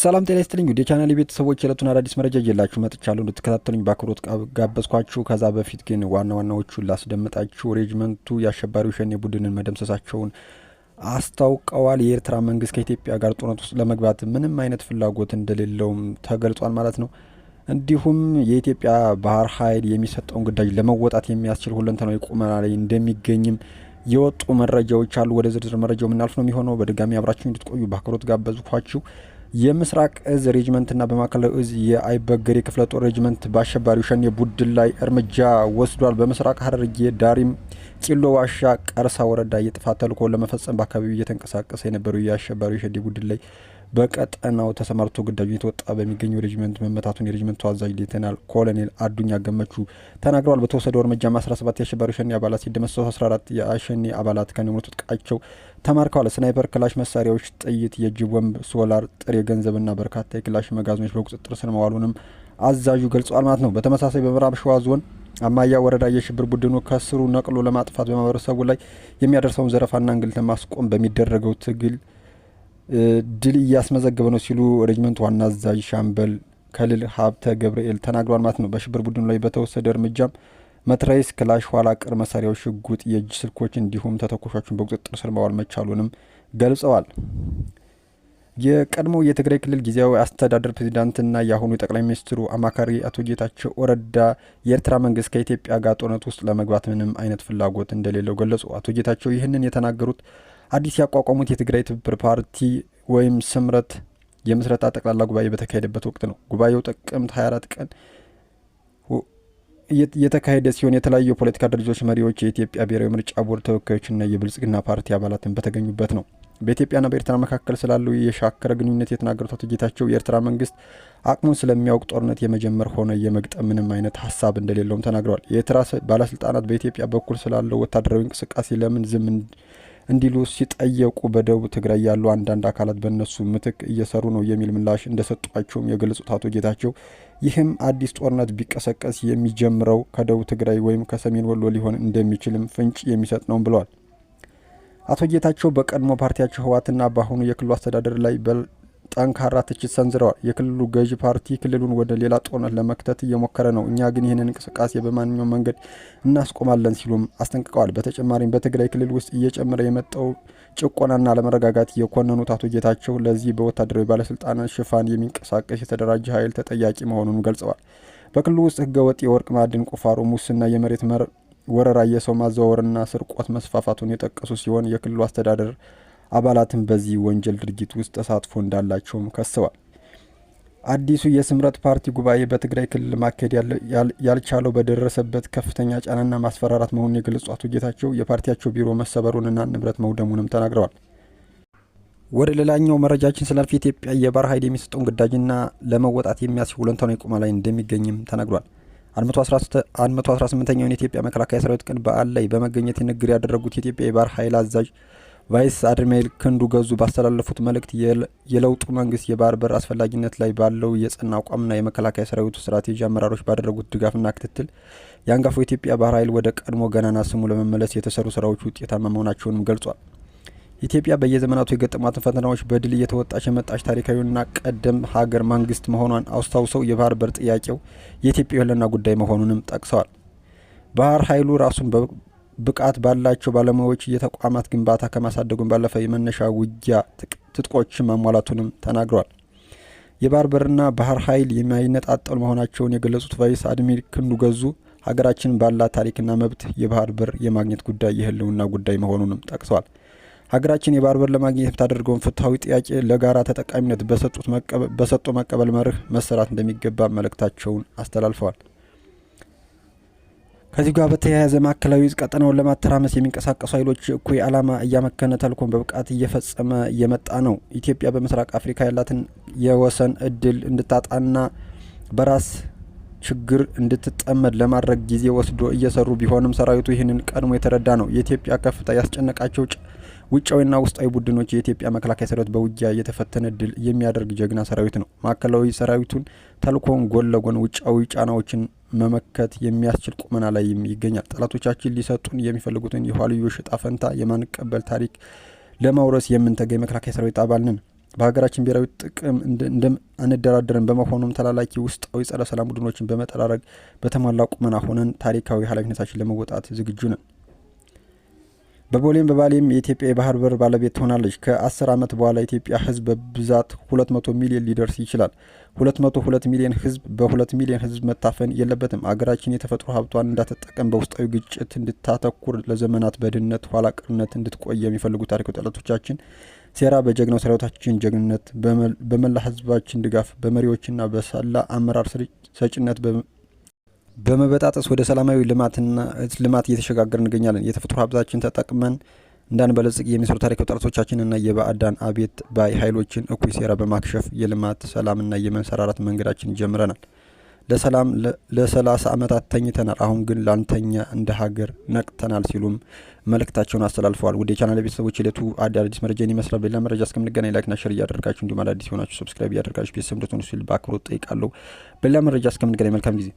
ሰላም ጤና ይስጥልኝ ውድ የቻናል ቤተሰቦች የዕለቱን አዳዲስ መረጃ እየላችሁ መጥቻለሁ። እንድትከታተሉኝ በአክብሮት ጋበዝኳችሁ። ከዛ በፊት ግን ዋና ዋናዎቹ ላስደምጣችሁ። ሬጅመንቱ የአሸባሪው ሸኔ ቡድንን መደምሰሳቸውን አስታውቀዋል። የኤርትራ መንግስት ከኢትዮጵያ ጋር ጦርነት ውስጥ ለመግባት ምንም አይነት ፍላጎት እንደሌለውም ተገልጿል ማለት ነው። እንዲሁም የኢትዮጵያ ባህር ኃይል የሚሰጠውን ግዳጅ ለመወጣት የሚያስችል ሁለንተናዊ ቁመና ላይ እንደሚገኝም የወጡ መረጃዎች አሉ። ወደ ዝርዝር መረጃው የምናልፍ ነው የሚሆነው። በድጋሚ አብራችሁ እንድትቆዩ በአክብሮት ጋበዝኳችሁ። የምስራቅ እዝ ሬጅመንትና በማዕከላዊ እዝ የአይበገሬ ክፍለ ጦር ሬጅመንት በአሸባሪው ሸኔ ቡድን ላይ እርምጃ ወስዷል። በምስራቅ ሐረርጌ ዳሪም ቂሎ ዋሻ ቀርሳ ወረዳ የጥፋት ተልዕኮ ለመፈጸም በአካባቢው እየተንቀሳቀሰ የነበረው የአሸባሪው ሸኔ ቡድን ላይ በቀጠናው ተሰማርቶ ግዳጁን የተወጣ በሚገኘው ሬጅመንት መመታቱን የሬጅመንቱ አዛዥ ሌተናል ኮሎኔል አዱኛ ገመቹ ተናግረዋል። በተወሰደው እርምጃም 17 የአሸባሪ ሸኔ አባላት ሲደመሰሱ 14 የአሸኔ አባላት ከነሙሉ ትጥቃቸው ተማርከዋል። ስናይፐር፣ ክላሽ መሳሪያዎች፣ ጥይት፣ የእጅ ቦምብ፣ ሶላር፣ ጥሬ ገንዘብና በርካታ የክላሽ መጋዘኖች በቁጥጥር ስር መዋሉንም አዛዡ ገልጿል ማለት ነው። በተመሳሳይ በምዕራብ ሸዋ ዞን አማያ ወረዳ የሽብር ቡድኑ ከስሩ ነቅሎ ለማጥፋት በማህበረሰቡ ላይ የሚያደርሰውን ዘረፋና እንግልት ለማስቆም በሚደረገው ትግል ድል እያስመዘገበ ነው ሲሉ ሬጅመንት ዋና አዛዥ ሻምበል ከልል ሀብተ ገብርኤል ተናግሯል ማለት ነው። በሽብር ቡድኑ ላይ በተወሰደ እርምጃም መትረይስ፣ ክላሽ፣ ኋላ ቀር መሳሪያዎች፣ ሽጉጥ፣ የእጅ ስልኮች እንዲሁም ተተኳሾችን በቁጥጥር ስር ማዋል መቻሉንም ገልጸዋል። የቀድሞው የትግራይ ክልል ጊዜያዊ አስተዳደር ፕሬዚዳንትና የአሁኑ የጠቅላይ ሚኒስትሩ አማካሪ አቶ ጌታቸው ረዳ የኤርትራ መንግስት ከኢትዮጵያ ጋር ጦርነት ውስጥ ለመግባት ምንም አይነት ፍላጎት እንደሌለው ገለጹ። አቶ ጌታቸው ይህንን የተናገሩት አዲስ ያቋቋሙት የትግራይ ትብብር ፓርቲ ወይም ስምረት የምስረታ ጠቅላላ ጉባኤ በተካሄደበት ወቅት ነው። ጉባኤው ጥቅምት 24 ቀን የተካሄደ ሲሆን የተለያዩ የፖለቲካ ድርጅቶች መሪዎች፣ የኢትዮጵያ ብሔራዊ ምርጫ ቦርድ ተወካዮችና የብልጽግና ፓርቲ አባላትን በተገኙበት ነው። በኢትዮጵያና በኤርትራ መካከል ስላለው የሻከረ ግንኙነት የተናገሩት አቶ ጌታቸው የኤርትራ መንግስት አቅሙን ስለሚያውቅ ጦርነት የመጀመር ሆነ የመግጠም ምንም አይነት ሀሳብ እንደሌለውም ተናግረዋል። የኤርትራ ባለስልጣናት በኢትዮጵያ በኩል ስላለው ወታደራዊ እንቅስቃሴ ለምን ዝም እንዲሉ ሲጠየቁ በደቡብ ትግራይ ያሉ አንዳንድ አካላት በእነሱ ምትክ እየሰሩ ነው የሚል ምላሽ እንደሰጧቸውም የገለጹት አቶ ጌታቸው ይህም አዲስ ጦርነት ቢቀሰቀስ የሚጀምረው ከደቡብ ትግራይ ወይም ከሰሜን ወሎ ሊሆን እንደሚችልም ፍንጭ የሚሰጥ ነው ብለዋል። አቶ ጌታቸው በቀድሞ ፓርቲያቸው ህወሓትና በአሁኑ የክልሉ አስተዳደር ላይ ጠንካራ ትችት ሰንዝረዋል። የክልሉ ገዢ ፓርቲ ክልሉን ወደ ሌላ ጦርነት ለመክተት እየሞከረ ነው፣ እኛ ግን ይህንን እንቅስቃሴ በማንኛውም መንገድ እናስቆማለን ሲሉም አስጠንቅቀዋል። በተጨማሪም በትግራይ ክልል ውስጥ እየጨመረ የመጣው ጭቆናና አለመረጋጋት የኮነኑት አቶ ጌታቸው ለዚህ በወታደራዊ ባለስልጣናት ሽፋን የሚንቀሳቀስ የተደራጀ ኃይል ተጠያቂ መሆኑን ገልጸዋል። በክልሉ ውስጥ ህገወጥ የወርቅ ማዕድን ቁፋሮ፣ ሙስና፣ የመሬት ወረራ፣ የሰው ማዘዋወርና ስርቆት መስፋፋቱን የጠቀሱ ሲሆን የክልሉ አስተዳደር አባላትም በዚህ ወንጀል ድርጊት ውስጥ ተሳትፎ እንዳላቸውም ከሰዋል። አዲሱ የስምረት ፓርቲ ጉባኤ በትግራይ ክልል ማካሄድ ያልቻለው በደረሰበት ከፍተኛ ጫናና ማስፈራራት መሆኑን የገለጹ አቶ ጌታቸው የፓርቲያቸው ቢሮ መሰበሩንና ንብረት መውደሙንም ተናግረዋል። ወደ ሌላኛው መረጃችን ስናልፍ ኢትዮጵያ የባህር ኃይል የሚሰጠውን ግዳጅና ለመወጣት የሚያስችል ሁለንተናዊ ቆማ ላይ እንደሚገኝም ተናግሯል። 118ኛውን የኢትዮጵያ መከላከያ ሰራዊት ቀን በዓል ላይ በመገኘት ንግግር ያደረጉት የኢትዮጵያ የባህር ኃይል አዛዥ ቫይስ አድሚራል ክንዱ ገዙ ባስተላለፉት መልእክት የለውጡ መንግስት የባህር በር አስፈላጊነት ላይ ባለው የጸና አቋምና የመከላከያ ሰራዊቱ ስትራቴጂ አመራሮች ባደረጉት ድጋፍና ክትትል የአንጋፋው የኢትዮጵያ ባህር ኃይል ወደ ቀድሞ ገናና ስሙ ለመመለስ የተሰሩ ስራዎች ውጤታማ መሆናቸውንም ገልጿል። ኢትዮጵያ በየዘመናቱ የገጠሟትን ፈተናዎች በድል እየተወጣች የመጣች ታሪካዊና ቀደም ሀገር መንግስት መሆኗን አስታውሰው የባህር በር ጥያቄው የኢትዮጵያ የህልውና ጉዳይ መሆኑንም ጠቅሰዋል። ባህር ኃይሉ ራሱን ብቃት ባላቸው ባለሙያዎች የተቋማት ግንባታ ከማሳደጉን ባለፈ የመነሻ ውጊያ ትጥቆችን ማሟላቱንም ተናግሯል። የባህር በርና ባህር ኃይል የማይነጣጠሉ መሆናቸውን የገለጹት ቫይስ አድሚር ክንዱ ገዙ ሀገራችን ባላት ታሪክና መብት የባህር በር የማግኘት ጉዳይ የህልውና ጉዳይ መሆኑንም ጠቅሰዋል። ሀገራችን የባህር በር ለማግኘት የምታደርገውን ፍትሐዊ ጥያቄ ለጋራ ተጠቃሚነት በሰጡ መቀበል መርህ መሰራት እንደሚገባ መልእክታቸውን አስተላልፈዋል። ከዚህ ጋር በተያያዘ ማዕከላዊ እዝ ቀጠናውን ለማተራመስ የሚንቀሳቀሱ ኃይሎች እኩይ ዓላማ እያመከነ ተልኮን በብቃት እየፈጸመ እየመጣ ነው። ኢትዮጵያ በምስራቅ አፍሪካ ያላትን የወሰን እድል እንድታጣና በራስ ችግር እንድትጠመድ ለማድረግ ጊዜ ወስዶ እየሰሩ ቢሆንም ሰራዊቱ ይህንን ቀድሞ የተረዳ ነው። የኢትዮጵያ ከፍታ ያስጨነቃቸው ውጫዊና ውስጣዊ ቡድኖች የኢትዮጵያ መከላከያ ሰራዊት በውጊያ የተፈተነ ድል የሚያደርግ ጀግና ሰራዊት ነው። ማዕከላዊ ሰራዊቱን ተልኮን ጎን ለጎን ውጫዊ ጫናዎችን መመከት የሚያስችል ቁመና ላይ ይገኛል። ጠላቶቻችን ሊሰጡን የሚፈልጉትን የኋልዮሽ ሽጣ ፈንታ የማንቀበል ታሪክ ለማውረስ የምንተጋ የመከላከያ ሰራዊት አባል ነን። በሀገራችን ብሔራዊ ጥቅም እንደም አንደራደርን። በመሆኑም ተላላኪ ውስጣዊ ጸረ ሰላም ቡድኖችን በመጠራረግ በተሟላ ቁመና ሆነን ታሪካዊ ኃላፊነታችን ለመወጣት ዝግጁ ነን። በቦሌም በባሌም የኢትዮጵያ የባህር በር ባለቤት ትሆናለች። ከ10 ዓመት በኋላ ኢትዮጵያ ህዝብ በብዛት 200 ሚሊዮን ሊደርስ ይችላል። 202 ሚሊዮን ህዝብ በ2 ሚሊዮን ህዝብ መታፈን የለበትም። አገራችን የተፈጥሮ ሀብቷን እንዳትጠቀም በውስጣዊ ግጭት እንድታተኩር ለዘመናት በድህነት ኋላ ቀርነት እንድትቆየ የሚፈልጉ ታሪክ ጠላቶቻችን ሴራ በጀግናው ሰራዊታችን ጀግንነት፣ በመላ ህዝባችን ድጋፍ፣ በመሪዎችና በሰላ አመራር ሰጭነት በመበጣጠስ ወደ ሰላማዊ ልማትና ልማት እየተሸጋገር እንገኛለን። የተፈጥሮ ሀብታችን ተጠቅመን እንዳንበለጽግ የሚሰሩ ታሪካዊ ጥረቶቻችንና የባዕዳን አቤት ባይ ኃይሎችን እኩይ ሴራ በማክሸፍ የልማት ሰላምና የመንሰራራት መንገዳችን ጀምረናል። ለሰላም ለሰላሳ ዓመታት ተኝተናል። አሁን ግን ላንተኛ እንደ ሀገር ነቅተናል ሲሉም መልእክታቸውን አስተላልፈዋል። ወደ ቻናል ቤተሰቦች የዕለቱ አዳዲስ መረጃ ይመስላል። በሌላ መረጃ እስከምንገናኝ ላይክና ሸር እያደርጋችሁ እንዲሁም አዳዲስ የሆናችሁ ሰብስክራይብ እያደርጋችሁ ቤተሰብ እንደትሆኑ ሲል በአክብሮት ጠይቃለሁ። በሌላ መረጃ እስከምንገናኝ መልካም ጊዜ